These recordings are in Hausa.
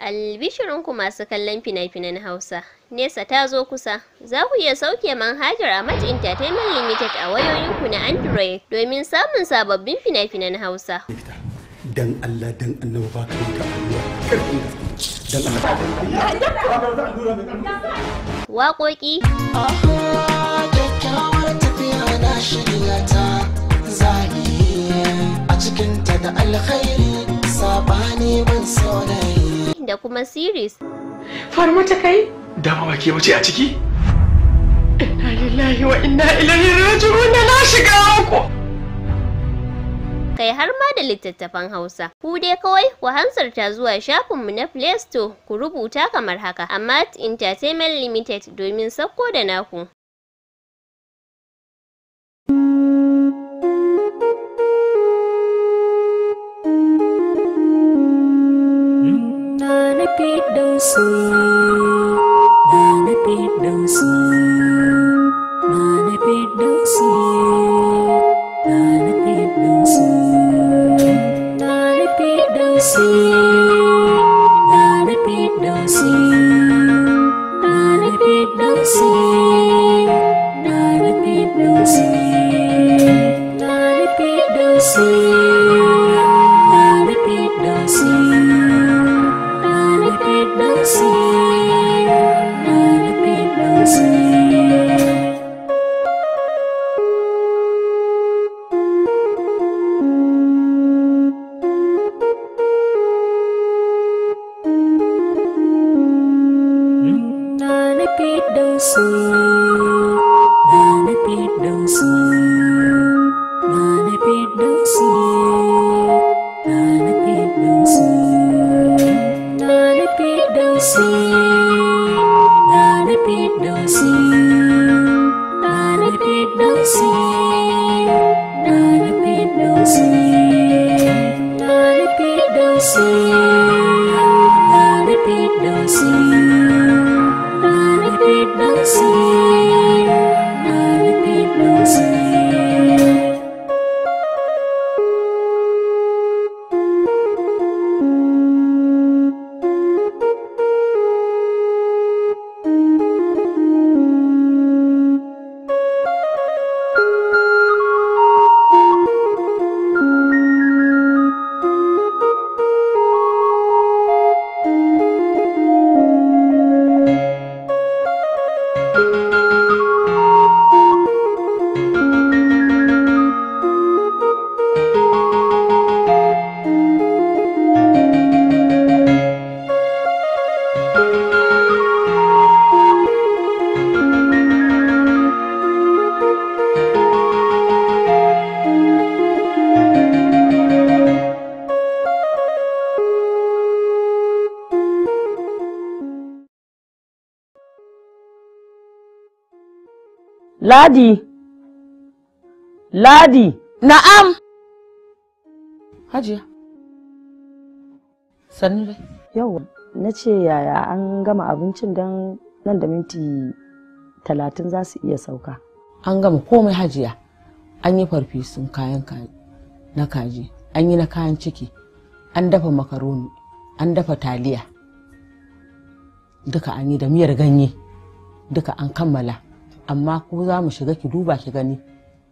Albishirinku masu kallon fina-finan Hausa, Nesa ta zo kusa, za ku iya sauke manhajar a Match Entertainment Limited a wayoyinku na Android domin samun sababbin fina-finan Hausa. Dan Allah dan Allah ba ka yi Dan Allah. Waƙoƙi. A cikinta da alkhairi, sabani ban saurayi. da kuma series. Farma mata kai? Dama ba ke wuce a ciki? Inna lillahi wa inna ilaihi raji'un na shiga ku. Kai har ma da littattafan Hausa. Ku dai kawai ku ta zuwa shafinmu na Play Store ku rubuta kamar haka, amma Entertainment Limited domin sakko da naku. thank you xưa Mà nó biết đâu rồi ta biết biết Ladi! Ladi! Na'am! Hajiya. Sannu dai. Yau, na ce yaya an gama abincin don nan da minti talatin za su iya sauka. An gama komai hajiya. An yi farfesun kayan na kaji, an yi na kayan ciki, an dafa makaroni, an dafa taliya. Duka an yi da miyar ganye, duka an kammala. amma ku za mu shiga ki duba ki gani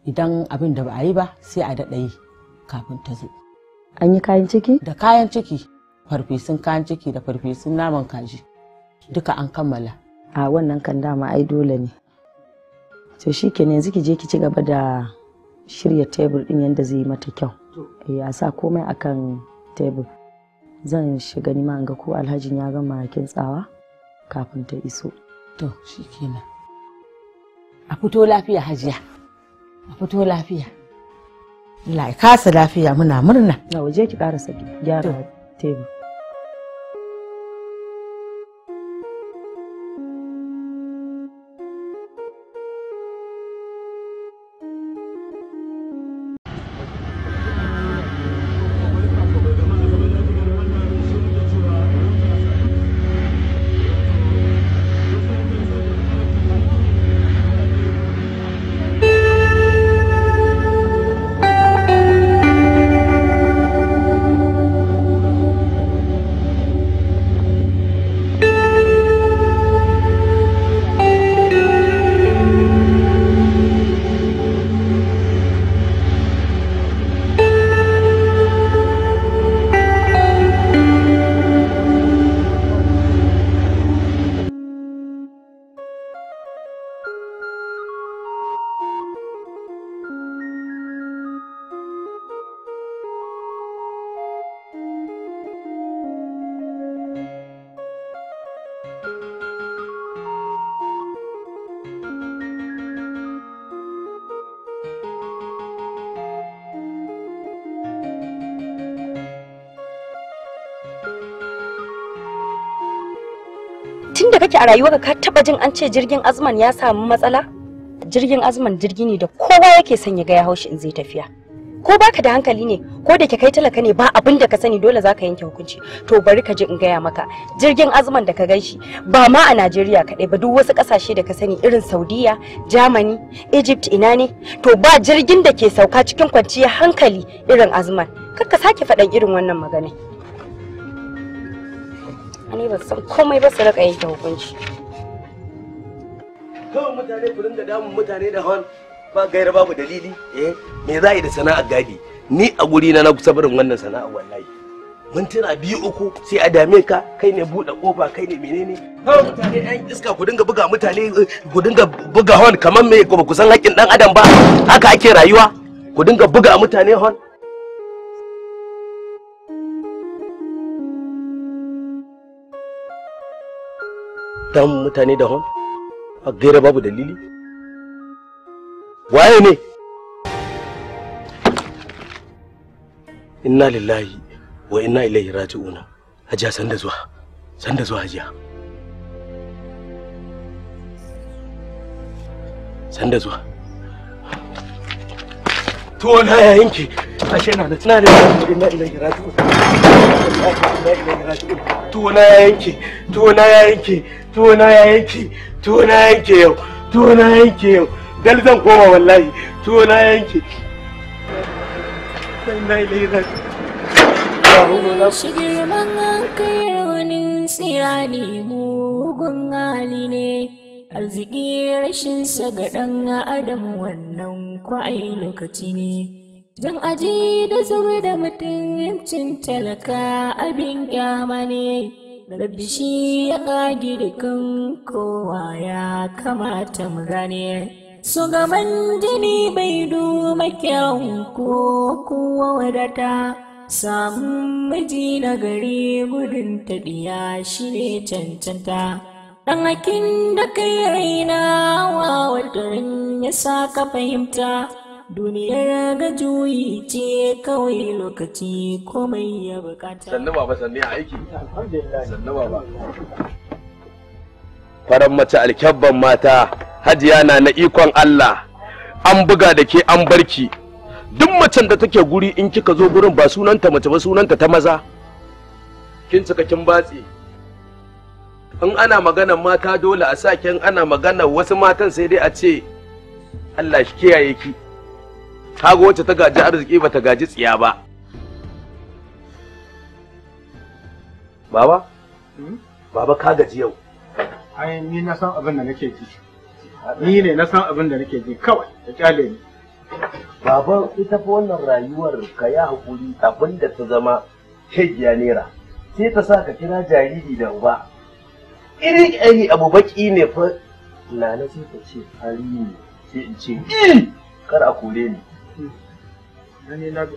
idan abin da ba a yi ba sai a daɗa yi kafin ta zo an yi kayan ciki da kayan ciki farfesun kayan ciki da farfesun naman kaji duka an kammala a wannan kan dama ai dole ne to shi ke yanzu ki je ki ci gaba da shirya tebur ɗin yadda zai yi mata kyau ya eh, sa komai akan tebur zan shiga nima ga ko alhajin ya gama kintsawa kafin ta iso to shi kenan a fito lafiya hajiya a fito lafiya Allah kasa lafiya muna murna na waje ki karasa gyara tebur kake a rayuwarka ka taba jin an ce jirgin azman ya samu matsala jirgin azman jirgi ne da kowa yake son ya ga ya haushi in zai tafiya ko baka da hankali ne ko da ke kai talaka ne ba abin da ka sani dole zaka yanke hukunci to bari ka ji in gaya maka jirgin azman da ka ganshi ba ma a Najeriya kaɗai ba duk wasu ƙasashe da ka sani irin Saudiya Germany Egypt ina ne to ba jirgin da ke sauka cikin kwanciyar hankali irin azman kakka sake faɗan irin wannan magana Ani ba san komai ba su rika yanke hukunci. Kawai mutane ku dinga damun mutane da hawan ba gaira babu dalili eh me za yi da sana'ar gadi ni a guri na na kusa barin wannan sana'a wallahi mintuna biyu uku sai a dame ka kai ne buɗe ƙofa kai ne menene kawai mutane ɗan iska ku dinga buga mutane eh, ku dinga buga hon kamar me ku san haƙƙin ɗan adam ba haka ake rayuwa ku dinga buga mutane hon dan mutane da hon a gaira babu dalili waye ne inna lillahi wa inna ilaihi raji'un hajiya san da zuwa san da zuwa hajiya san da zuwa to na yayinki ashe na da tunani da inna ilaihi raji'un tuna ya yanke tuna ya yanke tuna ya yanke tuna ya yanke yau tuna ya yanke yau dal zan koma wallahi tuna ya yanke na ilahi na shi girman hankali raunin tsira ne mugun hali ne arziki rashin sa ɗan adam wannan kwa'ai lokaci ne Zan aji da zuba da mutuncin talaka abin kyama ne, rabbi shi ya ƙagi dukan kowa ya kamata mu gane. So gaban jini bai duma kyawun ko kuwa wadata, samun miji na gari gudun taɗiya shi ne cancanta. Ɗan hakin da kai raina wa wadarin ya sa ka fahimta. duniyar ga juyi ce kawai lokaci komai ya bukata sannu baba sannu ya aiki sannu baba faran mace alkyabban mata hajiya na na ikon Allah an buga da ke an barki duk macen da take guri in kika zo gurin ba sunanta mace ba sunanta ta maza kin cika kin batse in ana maganar mata dole a sa ana maganar wasu matan sai dai a ce Allah shi kiyaye ki kaga wacce ta gaji arziki ba ta gaji tsiya ba baba hmm? baba ka gaji yau ai ni na san abin da nake ji ni ne na san abin da nake ji kawai da kyale ni baba ita fa wannan rayuwar ka ya hakuri abin da ta zama shegiya nera sai ta sa ka kira jariri da uba iri ai abu baki ne fa lana sai ta ce fari ne sai in ce eh, kar a kore ni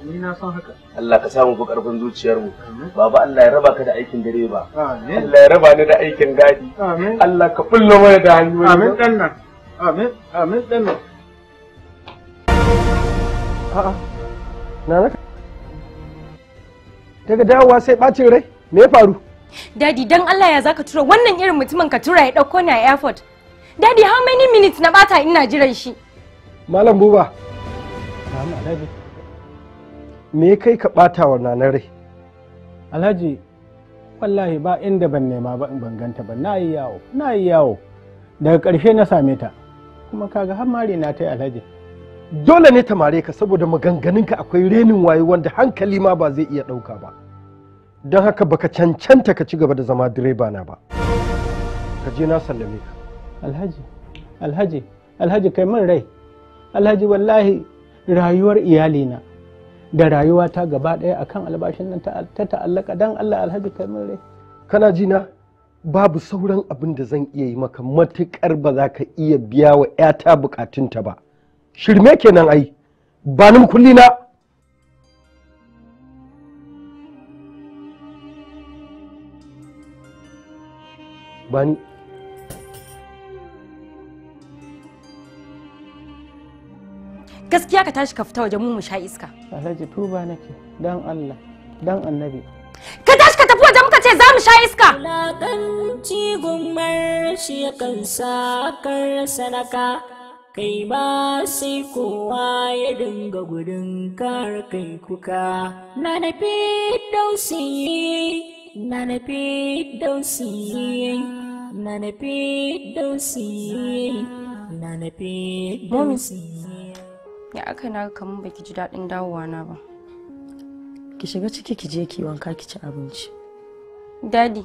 ni na san haka Allah ka samu ku karfin zuciyar mu baba Allah ya raba ka da aikin dare ba Allah ya raba ni da aikin gadi Allah ka fulla mana da hanyoyi amin dan nan amin amin dan nan a'a na daga dawowa sai bacin rai me ya faru dadi dan Allah ya zaka tura wannan irin mutumin ka tura ya dauko ni a airport dadi how many minutes na bata ina jiran shi malam buba Alhaji. Me kai ka bata wa nanar rai? Alhaji, wallahi ba inda ban nema ba in banganta ba na yi yawo na yi yawo daga ƙarshe na same ta kuma kaga har mare na ta yi alhaji dole ne ta mare ka saboda ka akwai renin wayo wanda hankali ma ba zai iya ɗauka ba don haka baka cancanta ka ci gaba da zama direba na ba ka je na sallame ka alhaji alhaji alhaji kai min rai alhaji wallahi rayuwar iyalina da rayuwata gaba ɗaya kan albashin nan ta ta'allaka don Allah alhaji kana jina babu sauran abin da zan iya yi maka matuƙar ba za ka iya biya wa 'yata bukatunta ba shirme kenan ai ba ni kulli na bani gaskiya ka tashi ka fita waje mu mu sha iska alhaji tuba nake dan Allah dan annabi ka tashi ka tafi waje muka ce za mu sha iska lakanci gummar shi kan sa kar sanaka kai ba sai kowa ya dinga gudun kar kai kuka na nafi dausi na nafi dausi na nafi dausi na nafi dausi ya aka na kamar baki ji daɗin dawowa na ba ki shiga ciki ki je ki wanka ki ci abinci dadi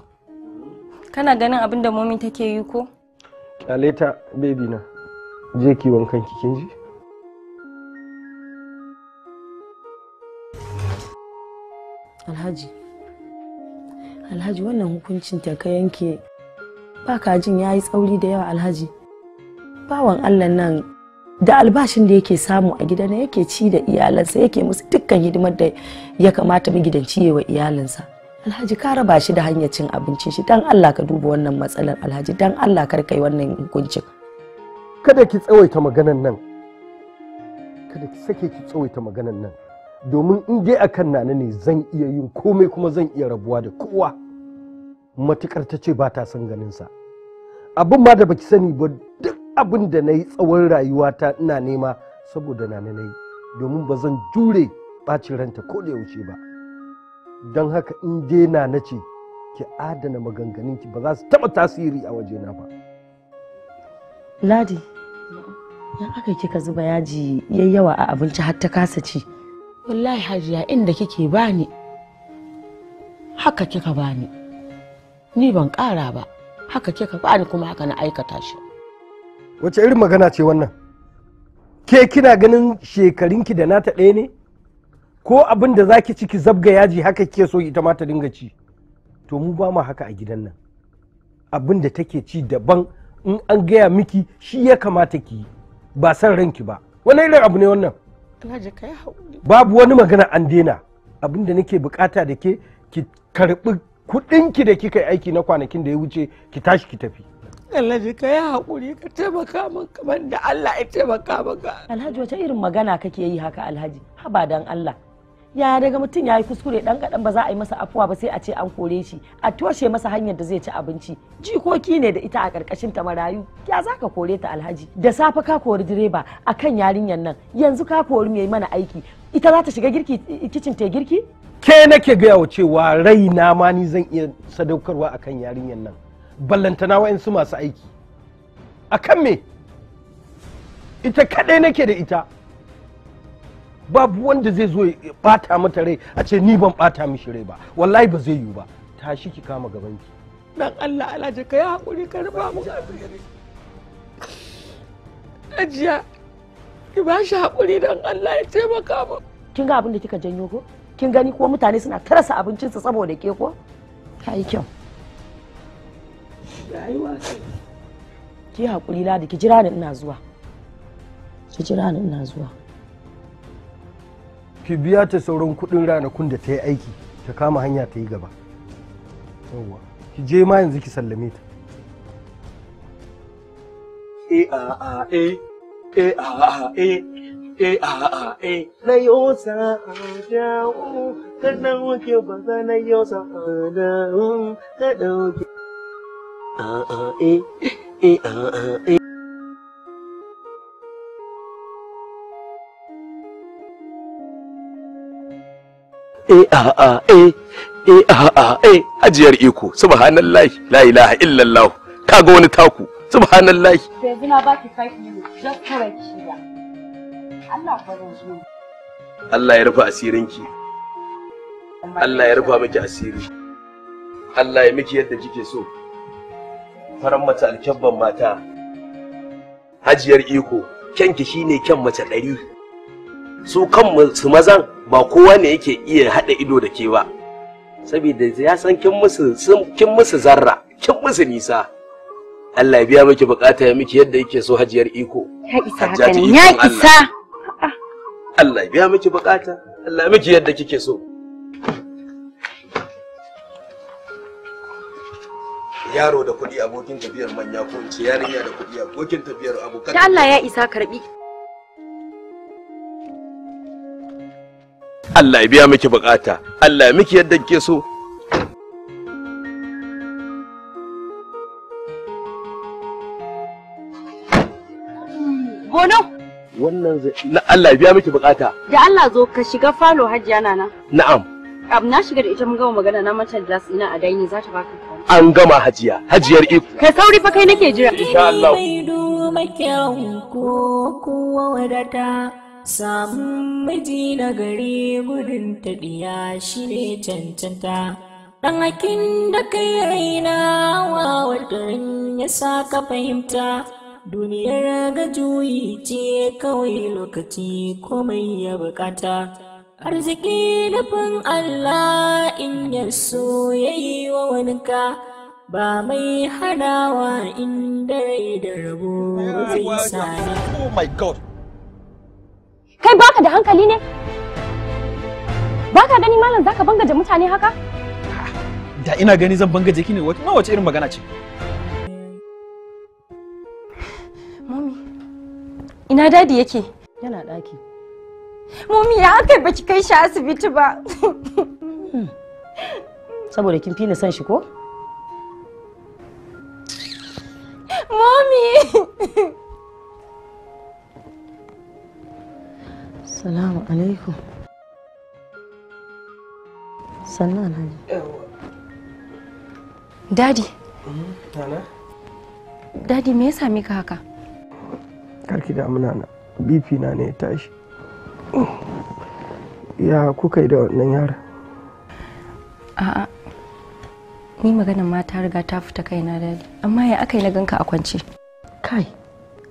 kana ganin abin da momi take yi ko kyaleta baby na je ki wankan ki kin ji alhaji alhaji wannan hukuncin ta ka yanke ba kajin ya yi tsauri da yawa alhaji bawan allah nan da albashin da yake samu a gida na yake ci da iyalansa yake musu dukkan hidimar da ya kamata magidanci wa iyalansa alhaji ka raba shi da hanyar cin abincin shi dan Allah ka duba wannan matsalar alhaji dan Allah kar kai wannan hukuncin kada ki tsawaita maganan nan kada ki sake ki tsawaita maganan nan domin in dai akan nana ne zan iya yin komai kuma zan iya rabuwa da kowa matukar ta ce ba ta son ganin sa abin ma da baki sani ba duk abin da na yi tsawon rayuwata ina nema saboda na na yi domin ba zan jure ɓacin ranta ko da yaushe ba don haka in je na na ce ki adana ki ba za su taɓa tasiri a wajena ba ladi ya aka kika zuba yaji yawa a abinci har ta kasa ci wallahi hajiya inda kike bani haka kika bani ni ban ƙara ba haka kika bani kuma haka na aikata shi wace irin magana ce wannan ke kina ganin shekarunki da nata ɗaya ne ko abin da za ki ciki zabga yaji haka ke so ita ma ta dinga ci to mu ba mu haka a gidan nan abin da take ci daban in an gaya miki shi ya kamata ki ba san ranki ba wani irin abu ne wannan babu wani magana an daina abin da nake bukata da ke ki karbi kudinki da kika yi aiki na kwanakin da ya wuce ki tashi ki tafi Alhaji ka yi haƙuri ka taimaka min kamar da Allah ya taimaka maka. Alhaji wata irin magana kake yi haka Alhaji haba dan Allah. Ya daga mutum ya yi kuskure ɗan kaɗan ba za a yi masa afuwa ba sai a ce an kore shi a toshe masa hanyar da zai ci abinci jikoki ne da ita a ƙarƙashin ta marayu ya za ka kore ta alhaji da safe ka kori direba a kan yarinyar nan yanzu ka kori mai mana aiki ita za ta shiga girki kicin ta girki. Ke nake gaya wa cewa raina ma ni zan iya sadaukarwa akan yarinyar nan. ballantana wa'insu masu aiki a kan me ita kaɗai nake da ita babu wanda zai zo ya ɓata mata rai a ce ni ban ɓata mishi rai ba wallahi ba zai yiwu ba tashi ki kama gabanki dan Allah alaji ka yi haƙuri ka raba mu ajiya ki ba shi haƙuri dan Allah ya taimaka mu kin ga abin da kika janyo ko kin gani ko mutane suna tarasa abincinsa saboda ke ko ta yi kyau rayuwa ki haƙuri ladi ki jira ni ina zuwa ki jira ni ina zuwa ki biya ta sauran kuɗin ranakun da ta yi aiki ta kama hanya ta yi gaba yawwa ki je ma yanzu ki sallame ta e a a e e a a e e a a e na sa ba na sa eh A A eh ajiyar iko subhanallahi la ilaha illallah kaga wani taku subhanallahi yanzu na baki 5 minutes just correct shi Allah zo Allah ya rufe ki, Allah ya rufe miki asiri Allah ya miki yadda kike so faran mace alkyabban mata hajiyar iko kyanki shine kyan mace ɗari su kan su mazan ba kowa ne yake iya haɗa ido da ke ba saboda ya san kin musu kin musu zarra kin musu nisa Allah ya biya miki bukata ya miki yadda yake so hajiyar iko ya isa ya isa ah. Allah ya biya miki bukata Allah ya miki yadda kike so yaro da kuɗi abokin tafiyar manya ko in ce yarinya da kuɗi abokin tafiyar abokan ta Allah ya isa karbi Allah ya biya miki bukata Allah ya miki yadda kike so Bono wannan zai na Allah ya biya miki bukata da Allah zo ka shiga falo hajjiya na na'am Abu na shiga da ita mun gama magana na mata glass ina a daini za ta baka an gama hajiya hajiyar iko ka sauri fa kai nake jira insha Allah samun miji na gari gudun taɗiya shi cancanta ɗan hakin da kai raina wa wadarin ya sa ka fahimta duniyar ga juyi ce kawai lokaci komai ya bukata arziki nufin Allah in ya ya yi wa wanka ba mai hanawa inda ya da rabo zai sani. Oh my God! Kai baka da hankali ne? Baka gani malam zaka bangaje mutane haka? Da ina gani zan bangaje ki ne ma wace irin magana ce? Mami, ina dadi yake? Yana ɗaki. Mummy ya aka baki kai shi asibiti ba. Saboda kin fi ni shi ko? Mami! Salamu alaikum. Sannan Alhaji. Dadi. Hmm, Nana? Dadi me ya mika ka haka? Karki da muna na. BP na ne ya tashi. ya kuka yi da wannan yaran a'a ni maganin ma ta riga ta fita kaina dadi amma ya aka yi na ganka a kwance kai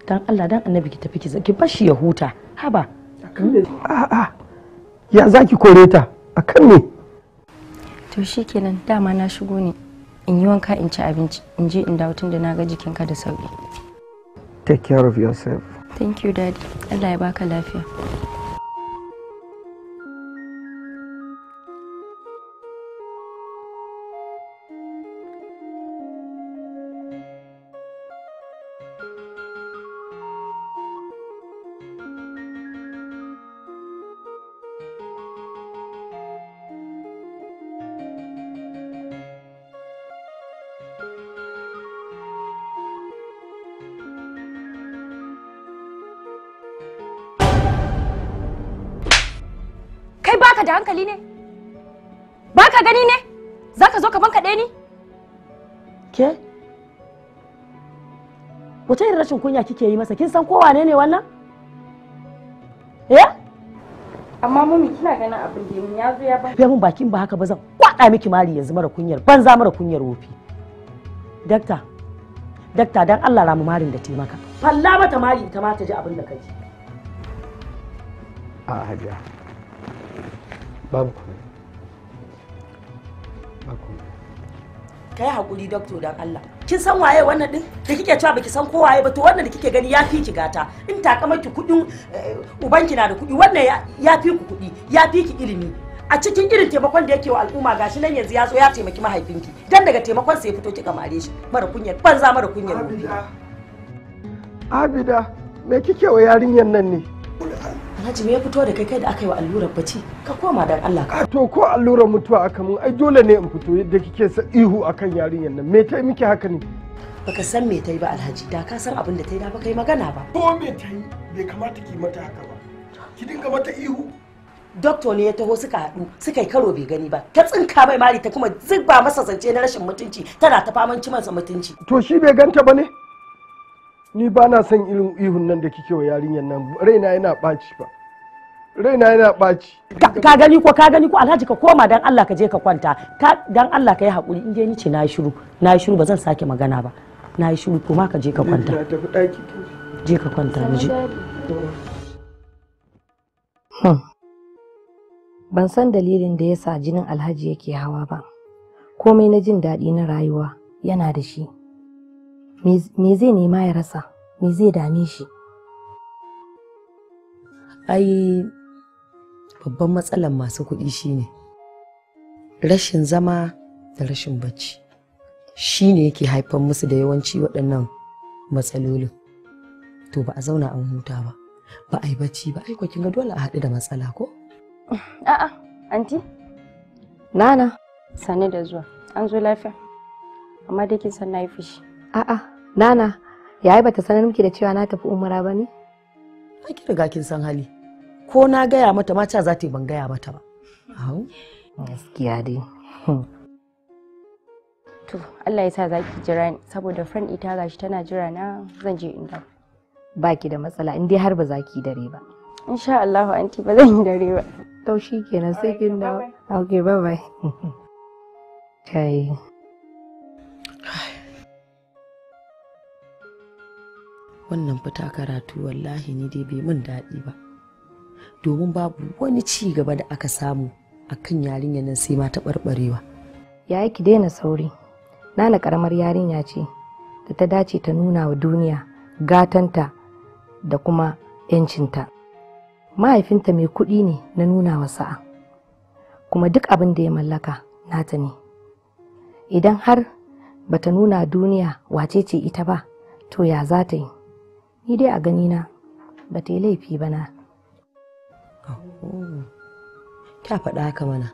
dan Allah dan annabi ki tafi ki ki bashi ya huta haba a'a ya zaki kore ta akan ne to shikenan dama na shigo ne in yi wanka in ci abinci in je in dawo tun da na ga jikinka da sauki take care of yourself thank you daddy Allah ya baka lafiya da hankali ne ba ka gani ne za ka zo ka banka ɗaya ni ke Wata irin rashin kunya kike yi masa kin san ko wane ne wannan eh amma mami kina ganin abin da mun ya zo ya ba ya mun bakin ba haka ba zan kwada miki mari yanzu mara kunyar banza mara kunyar wofi dakta dakta dan Allah ramu marin da taimaka falla mata mari ta ma ta ji abin da kaji a hajiya babu ka yi haƙuri dokto don Allah kin san waye wannan din da kike cewa baki san ko waye ba to wannan da kike gani ya fi ki gata in takamaki kuɗin eh, ubanki na da kuɗi wannan ya fi ku kuɗi ya fi ki ilimi a cikin irin taimakon da yake wa al'umma gashi nan yanzu ya zo ya taimaki mahaifinki dan daga taimakon sai ya fito ki kamare shi mara kunya banza mara kunya abida me kike wa yarinyar nan ne Alhaji me ya fito da kai kai da aka yi wa allurar bacci ka koma dan Allah ka. To ko allurar mutuwa aka mun ai dole ne in fito yadda kike sa ihu akan yarinyar nan me ta miki haka ne. Baka san me ta yi ba Alhaji da ka san abin da ta da baka yi magana ba. Ko me ta yi bai kamata ki mata haka ba. Ki dinga mata ihu. Dokto ne ya taho suka haɗu suka yi karo bai gani ba ta tsinka mai mari ta kuma zuba masa zance na rashin mutunci tana ta faman masa mutunci. To shi bai ganta ba ne? ni ba na son irin ihun nan da kike wa yarinyar nan raina yana ɓaci ba raina yana ɓaci ka gani ko ka gani ko alhaji ka koma dan Allah ka je ka kwanta ka dan Allah ka yi hakuri in dai ni ce na shiru na shiru ba zan sake magana ba na yi shiru koma ka je ka kwanta je ka kwanta ni je hmm. ban san dalilin da yasa jinin alhaji yake hawa ba komai na jin daɗi na rayuwa yana da shi me zai nema ya rasa me zai dame shi ai babban matsalar masu kuɗi shine rashin zama da rashin bacci shi ne yake haifar musu da yawanci waɗannan matsalolin to ba a zauna an huta ba ba a yi bacci ba ai kin ga dole a haɗu da matsala ko a'a anti nana sani da zuwa an zo lafiya amma dai kin san nayi fushi a'a nana yayi bata sanar miki da cewa na tafi umara ba ne ki riga kin san hali ko na gaya mata mata za ta yi ban gaya mata ba gaskiya dai hmm. to Allah ya sa za ki jira ni saboda friend ita gashi tana jira na zan je inda ba ki da matsala in dai har ba za ki dare ba sha Allah anti ba zan yi dare ba to kenan sai kin da. okay bye bye kai wannan fita karatu wallahi ni dai bai min daɗi ba domin babu wani ci gaba da aka samu a kan yarinya nan sai ma taɓarɓarewa. Ya ki daina sauri, nana ƙaramar yarinya ce da ta dace ta nuna wa duniya gatanta da kuma 'yancinta. Mahaifinta mai kuɗi ne na nuna wa sa'a, kuma duk abin da ya mallaka nata ne. Idan har ba ta nuna duniya wace ce ita ba, to ya za ta yi? Ni dai a ganina ba ta yi laifi ba na. Kya faɗa haka mana.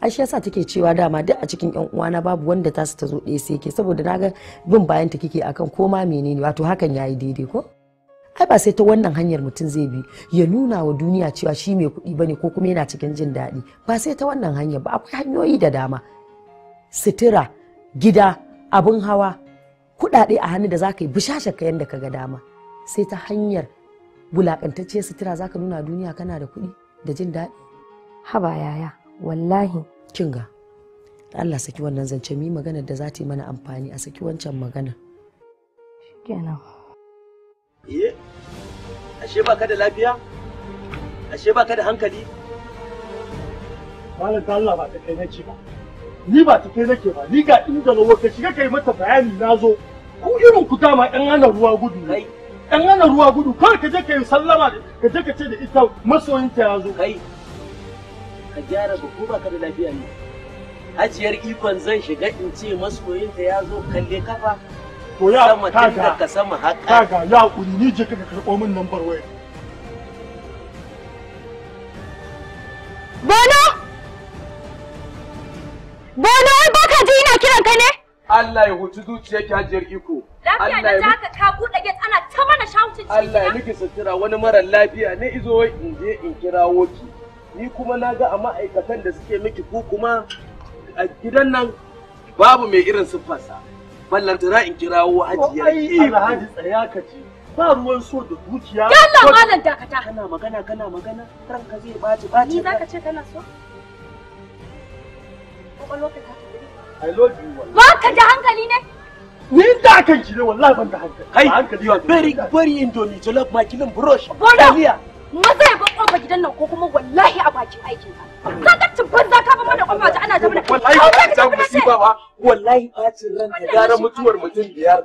Aisha shi yasa take cewa dama duk a cikin 'yan uwana babu wanda tasu ta zo ɗaya sai ke saboda na ga bin bayan ta kike akan ko ma menene wato hakan yayi daidai ko? ai ba sai ta wannan hanyar mutum zai bi ya nuna wa duniya cewa shi mai kuɗi bane ko kuma yana cikin jin daɗi ba sai ta wannan hanyar ba akwai hanyoyi da dama Sitira, gida abin hawa kuɗaɗe a hannu da za ka yi bishashar ka yadda ka ga dama sai ta hanyar wulakantacciyar sutura za ka nuna duniya kana da kuɗi da jin daɗi haba yaya wallahi kin ga Allah saki wannan zance mi magana da za ta yi mana amfani a saki wancan magana shikenan iye ashe baka da lafiya ashe baka da hankali malam ta Allah ba ta kai nake ba ni ba ta kai nake ba ni ga inda lokaci ka shiga kai mata bayani na zo ku irin ku dama ɗan hana ruwa gudu ne ɗan ana ruwa gudu kawai ka je ka yi sallama ka je ka ce da ita masoyinta ya zo. Kai, ka gyara ba ko baka da lafiya ne. Hajiyar ikon zan shiga in ce masoyinta ya zo kalle kafa. To ya kaga, ka sama haka. Kaga ya kuri ni je ka karɓo min nambar waya. Bono! Bono, ba ka ji ina kiran ka ne? Allah ya huci zuciyar ki hajiyar iko. Lafiya da jaka ka buɗe gate ana ta mana shawutin ciki. Allah ya miki sutura wani mara lafiya ne izo wai in je in kirawo ki. Ni kuma na ga a ma'aikatan da suke miki ko kuma a gidan nan babu mai irin siffarsa. Ballantana in kirawo hajiya. Ko Ai haji tsaya ka ce. Ba ruwan so da dukiya. Yalla malam dakata. Kana magana kana magana ranka zai ɓaci ɓaci. Ni zaka ce kana so? Kwakwalwa ka I love you. Ba ka da hankali ne? Ni da kan ki ne wallahi ban da hankali. Kai, hankali you very very indomie jollof love my killing brush. Bono. Maza ya ban kofa gidan nan ko kuma wallahi a bakin aikin ka. Ka ga tubban za ka ba mana kofa ta ana da mana. Wallahi ba ta musiba ba. Wallahi bacin ran da gara mutuwar mutum biyar.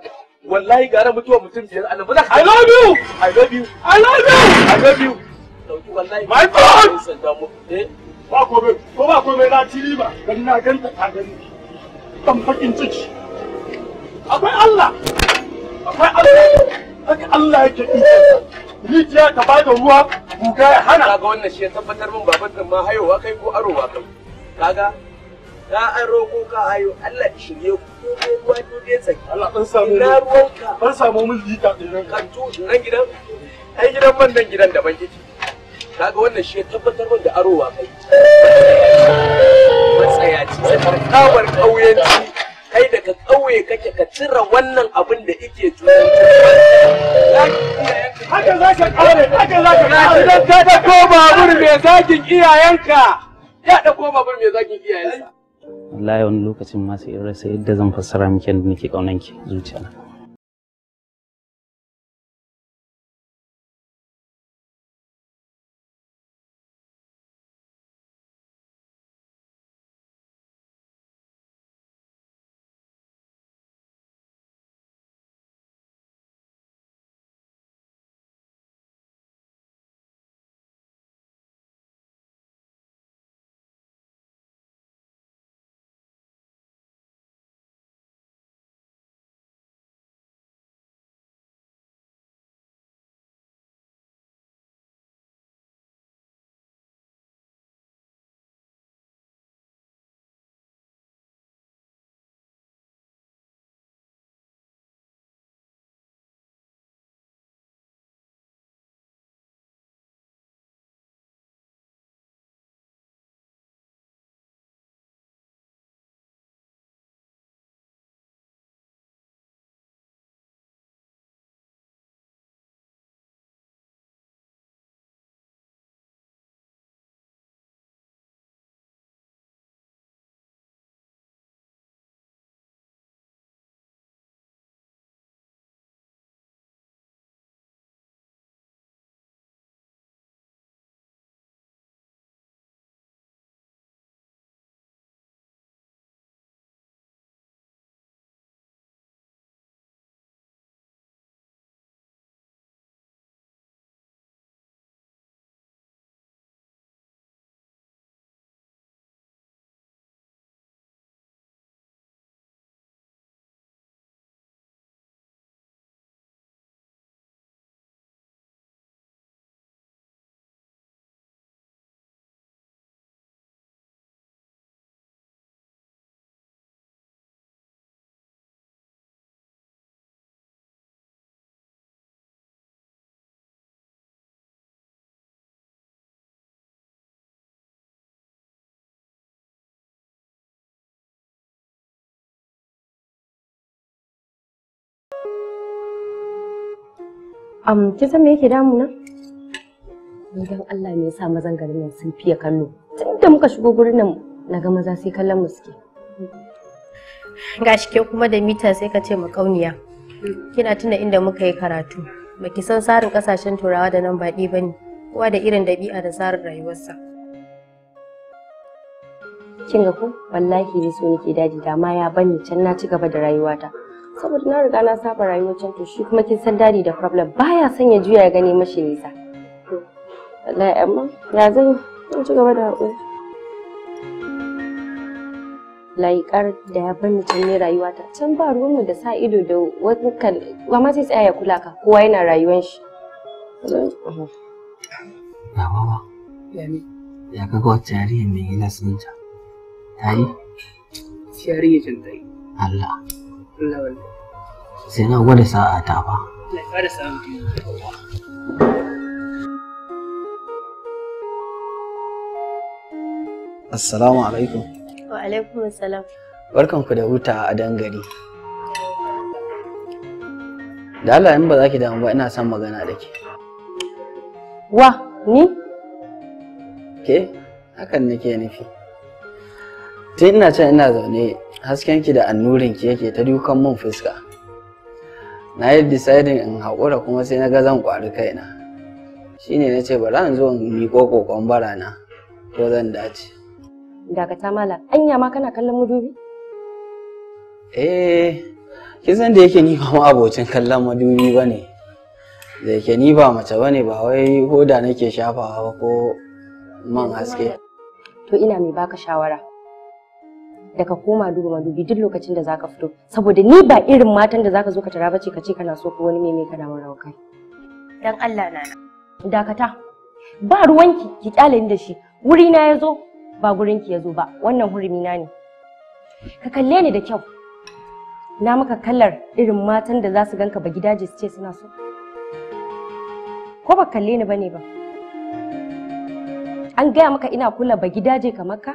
Wallahi gara mutuwar mutum biyar. Allah ba I love you. I love you. I love you. I love you. My God! Eh? Ba kome, ko ba kome na ci riba, don na ganta ta gani. dukkan fakin ciki akwai Allah akwai Allah akwai Allah yake iko rijiya ta bada ruwa guga ya hana kaga wannan shi ya tabbatar min baban nan ma hayowa kai ko arowa kai kaga ka aro ko ka ayo Allah ya shirye ku ko ruwa ko dai tsaki Allah dan samu ruwa ban samu mun lita din nan kan to nan gidan ai gidan man nan gidan da ban kici kaga wannan shi ya tabbatar da arowa kai matsayaci kawar ƙauyenci kai daga ƙauye kake ka cire wannan abin da ike cutar haka haka da ko babur mai zakin iyayenka ya da ko babur mai wallahi wani lokacin ma sai in rasa yadda zan fassara miki da nake ƙaunanki zuciyana Um, ki san me yake damu na? Idan Allah ne ya sa mazan garin nan sun fiye kallo. Tunda muka shigo gurin nan na ga maza sai kallon mu suke. Gashi ke kuma da mita sai ka ce makauniya. Kina tuna inda muka yi karatu. Baki san tsarin kasashen turawa da nan baɗi bane. Kowa da irin dabi'a da tsarin rayuwarsa. Kin ga ko wallahi ni so nake daji da ma ya bani can na ci gaba da rayuwata. saboda na riga na saba rayuwar can to shi kuma kin san dadi da problem baya son ya juya ya gane mashi nisa wallahi amma ya zan in ci gaba da haƙuri laikar da ya bani can ne rayuwa ta can ba ruwanmu da sa ido da wani kan ba ma sai tsaya ya kula ka kowa yana rayuwar shi ya wawa ya kaga wacce yarinyar mai gilas ɗinta ta yi yarinyar jin yi Allah Sai na gwada sa'a ta fa. Assalamu alaikum. Wa alaikum assalam. Barkanku da huta a dangare. Da Allah in ba za ki damu ba ina son magana da ke. Wa ni? Ke hakan nake nufi. Tun ina can ina zaune Hasken ki da annurinki yake ta dukan mun fuska na yi deciding in haƙura kuma sai na ga zan ƙwari kaina shine na ce bari in zo in miƙo ƙoƙon barana na ko zan dace ta mala anya ma kana kallon madubi eh kin san da yake ni ba ma abocin kallon madubi bane da yake ni ba mace bane ba wai hoda nake shafawa ko man haske to ina mai baka shawara da ka koma duba madubi duk lokacin da zaka fito saboda ni ba irin matan da zaka zo ka tara bace ka ce kana so ko wani meme kana mun kai dan Allah na dakata ba ruwanki ki kyale ni da shi wuri na yazo ba gurin ki yazo ba wannan hurumi na ne ka kalle ni da kyau na maka kallar irin matan da za su ganka ba gidaje su ce suna so ko ba kalle ni bane ba an gaya maka ina kula ba gidaje kamar ka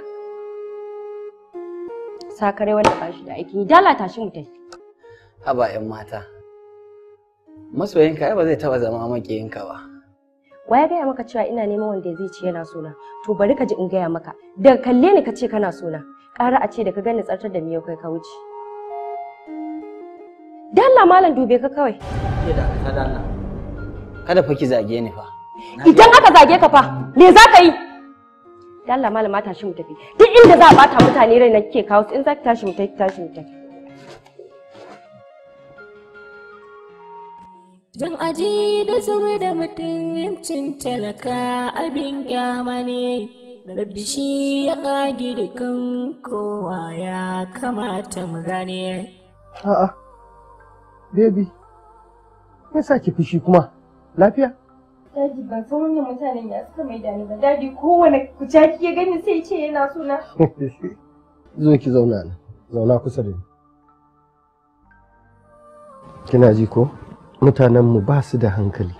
sakare wanda ba shi da aikin dala tashi mu tafi haba yan mata masoyinka ai ba zai taba zama makiyinka ba waya gaya maka cewa ina neman wanda zai ci yana sona to bari ka ji in gaya maka daga kalle ni ka ce kana sona ƙara a ce da ka gani tsartar da miyau kai ka wuce dalla malam dube ka kawai ke da ka dalla kada fa ki zage ni fa idan aka zage ka fa me za ka yi da Allah malama tashi mu tafi duk inda za a bata mutane rai na kike kawo in za ki tashi mu tafi tashi mu tafi Zan aji da tsoro da mutuncin talaka abin kyama ne, rabbi shi ya ƙage da kan kowa ya kamata mu gane. A'a, baby, me sa ki fushi kuma? Lafiya? Daddy ban san wannan mutanen ya suka mai dani ba. Daddy kowane jaki ya gani sai ce yana suna. Zo ki zauna nan. Zauna kusa da ni. Kina ji ko? Mutanenmu ba su da hankali.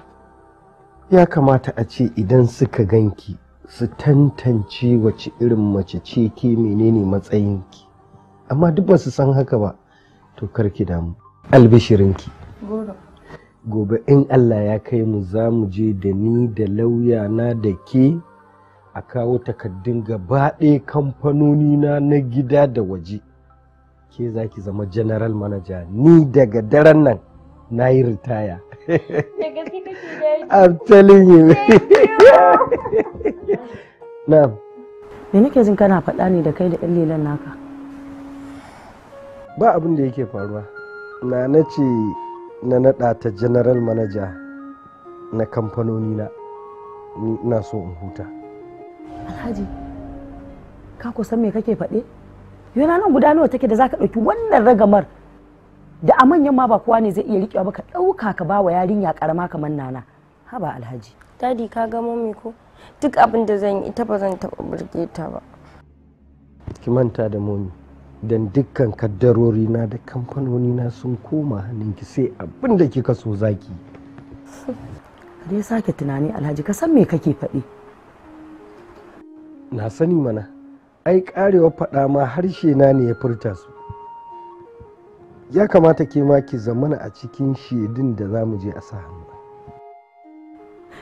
Ya kamata a ce idan suka ganki su tantance wace irin mace ce ke menene matsayinki. Amma duk ba su san haka ba. To karki damu. Albishirinki. Goro. gobe in allah ya kai mu za mu je da ni da lauya na da ke a kawo takaddun gaba ɗaya kamfanoni na na gida da waje ke za ki zama general manager ni daga daren nan na yi ritaya I'm telling you. na Me nake jin kana faɗa ne da kai da ɗan lilan naka? Ba abin da yake faruwa. Na na ce na nada ta general manager na kamfanoni na ina so in huta alhaji ka san me kake faɗe yana nan guda nawa take da zaka ɗauki wannan ragamar da a manyan ma ba kowa ne zai iya riƙewa ba ka ɗauka ka ba wa yarinya ƙarama kamar nana haba alhaji dadi ka ga mami ko duk abin da zan yi ta ba zan taɓa burge ba ki manta da momi don dukkan kaddarori na da kamfanoni na sun koma hannunki sai abin da kika so zaki dai sake tunani alhaji ka san me kake faɗi na sani mana ai karewa faɗa ma harshe na ne ya furta su ya kamata ke ma ki zamana a cikin shedin da za mu je a sa hannu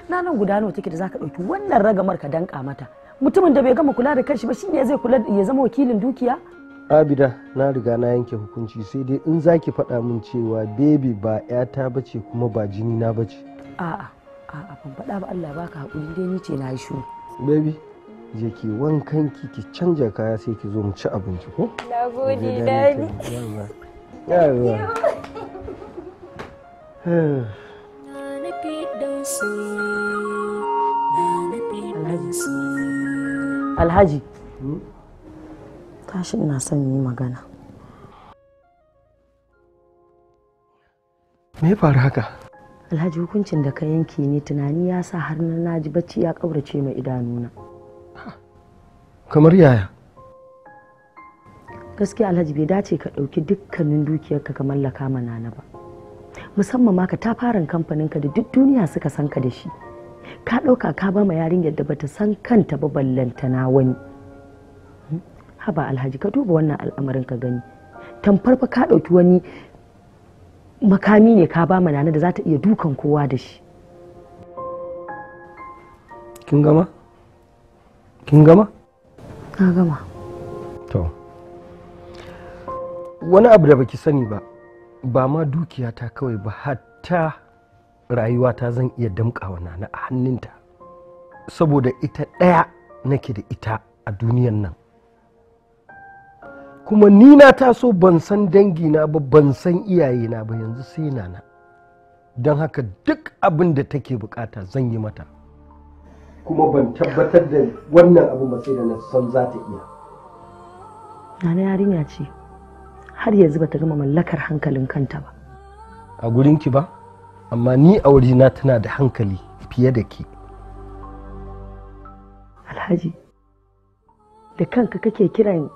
na nan guda nawa take da zaka ɗauki wannan ragamar ka danka mata mutumin da bai gama kula da kanshi ba shine zai kula ya zama wakilin dukiya abida na riga na yanke hukunci sai dai in za ki faɗa min cewa bebi ba 'yata ba ce kuma ba jini na ba ce a'a a'a ban faɗa ba allah baka haƙuri dai ni ce na yi bebi je ki wankan ki ki canja kaya sai ki zo mu ci abinci ko na gode dani alhaji hmm? tashi ina son yi magana me ya faru haka alhaji hukuncin da ka yanke ne tunani ya sa har na naji bacci ya ƙaurace mai idanuna kamar yaya gaskiya alhaji bai dace ka ɗauki dukkanin dukiyarka ka mallaka mana na ba musamman ma ka tafarin kamfaninka da duk duniya suka san ka da shi ka ɗauka ka ba ma yarinyar da bata san kanta ba ballantana wani ba alhaji ka duba wannan al'amarin ka gani tamfar fa ka ɗauki wani makami ne ka ba nana da za ta iya dukan kowa da shi kin gama kin gama na gama to wani abu da baki sani ba ba ma dukiyata kawai ba hatta rayuwata zan iya damkawa nana a hannunta saboda ita ɗaya nake da ita a duniyan nan kuma ni na taso ban san dangina ba ban san iyayena ba yanzu sai nana don haka duk abin da take bukata zan yi mata kuma ban tabbatar da wannan abu ba sai da na san za ta iya nana yarinya ce har yanzu ba ta gama mallakar hankalin kanta ba a gurinki ba amma ni a na tana da hankali fiye da ke alhaji da kanka kake kiran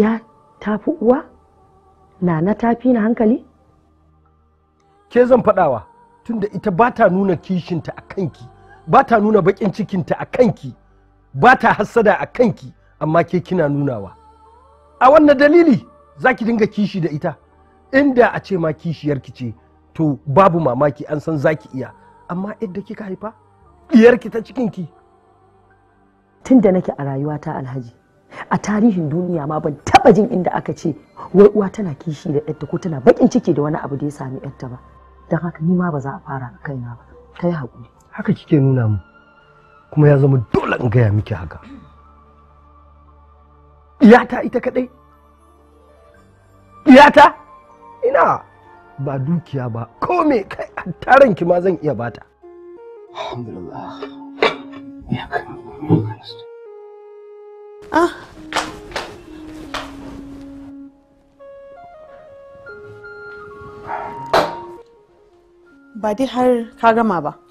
ya tafi uwa na na tafi na hankali ke zan faɗawa tunda ita ba ta nuna kishinta a kanki ba ta nuna bakin cikinta a kanki ba ta hassada a kanki amma ke kina nunawa a wannan dalili za ki dinga kishi da ita inda a ce ma kishiyarki ce to babu mamaki an san za ki iya amma yadda kika haifa diyarki ta cikinki tun da nake a rayuwa ta alhaji a tarihin duniya ma ban taba jin inda aka ce wai uwa tana kishi da ɗanta ko tana bakin ciki da wani abu da ya sami ɗanta ba don haka ni ma ba za a fara a kaina ba kai haƙuri. haka kike nuna mu kuma ya zama dole in gaya miki haka iyata ita kadai iyata ina ba dukiya ba ko me kai a taron ki ma zan iya bata alhamdulillah ya Ah. Ba dai har ka gama ba.